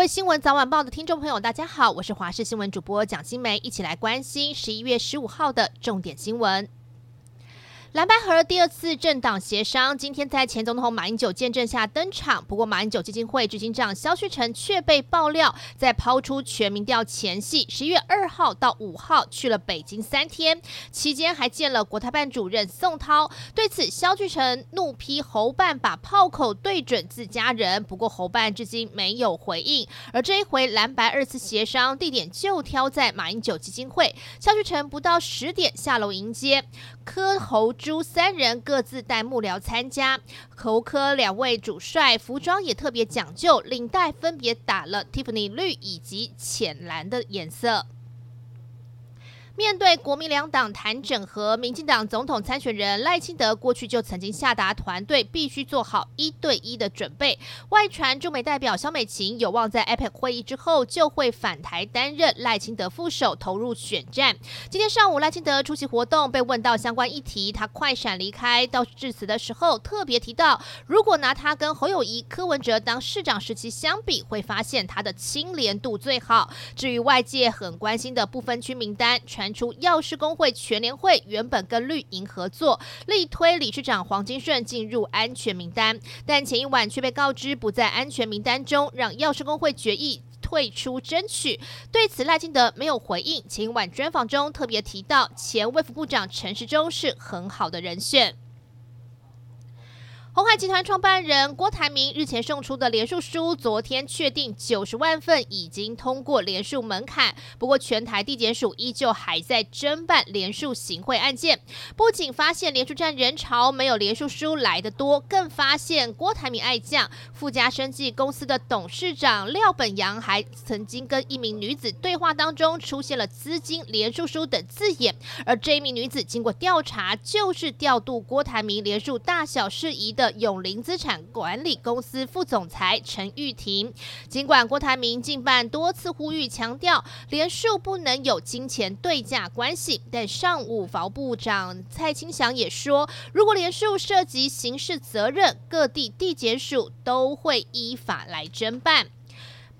各位新聞早晚報的聽眾朋友，大家好，我是華視新聞主播蔣新梅，一起來關心十一月十五號的重點新聞。藍白合第二次政黨協商今天在前總統馬英九見證下登場，不過馬英九基金會執行長蕭旭成卻被爆料在拋出全民調前夕，十一月二號到五號去了北京三天，期間還見了國台辦主任宋濤。對此，蕭旭成怒批侯辦把炮口對準自家人，不過侯辦至今沒有回應。而這一回藍白二次協商地點就挑在馬英九基金會，蕭旭成不到十點下樓迎接柯侯。朱三人各自帶幕僚參加，侯科兩位主帥服裝也特別講究，領帶分別打了蒂芙尼綠以及淺藍的顏色。面對國民兩黨談整合，民進黨總統參選人賴清德過去就曾經下達團隊必須做好一對一的準備。外傳駐美代表蕭美琴有望在 APEC 會議之後就會返台擔任賴清德副手，投入選戰。今天上午賴清德出席活動，被問到相關議題，他快閃離開。到致辭的時候特別提到，如果拿他跟侯友宜、柯文哲當市長時期相比，會發現他的清廉度最好。至於外界很關心的不分區名單，傳出藥師公會全聯會原本跟綠營合作，力推理事長黃金順進入安全名單，但前一晚卻被告知不在安全名單中，讓藥師公會決議退出爭取。對此賴清德沒有回應。前一晚專訪中特別提到，前衛福部長陳時中是很好的人選。鴻海集團創辦人郭台銘日前送出的連署書，昨天確定九十萬份已經通過連署門檻。不過，全台地檢署依舊還在偵辦連署行賄案件。不僅發現連署站人潮沒有連署書來得多，更發現郭台銘愛將富加生技公司的董事長廖本陽，還曾經跟一名女子對話當中出現了“資金連署書”等字眼。而這一名女子經過調查，就是調度郭台銘連署大小事宜的。的永林資產管理公司副總裁陳玉婷，儘管郭台銘競辦多次呼籲強調，連署不能有金錢對價關係，但上午法部長蔡清祥也說，如果連署涉及刑事責任，各地地檢署都會依法來偵辦。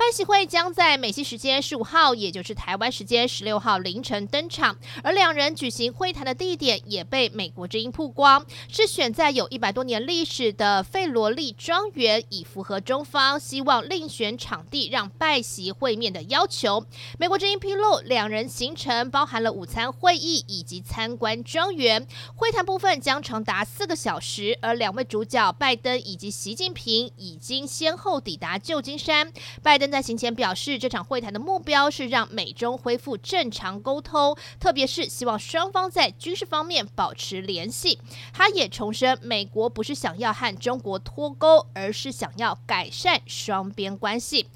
拜習會將在美西時間十五號，也就是台灣時間十六號凌晨登場。而兩人舉行會談的地點也被美國之音曝光，是選在有一百多年歷史的費羅麗莊園，以符合中方希望另選場地讓拜習會面的要求。美國之音披露，兩人行程包含了午餐會議以及參觀莊園。會談部分將長達四個小時，而兩位主角拜登以及習近平已經先後抵達舊金山。拜登。在行前表示，這場會談的目標是讓美中恢復正常溝通，特別是希望雙方在軍事方面保持聯繫。他也重申，美國不是想要和中國脫鈎，而是想要改善雙邊關係。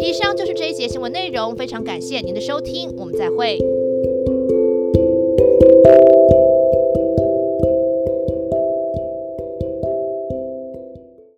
以上就是這一節新聞內容，非常感謝您的收聽，我們再會。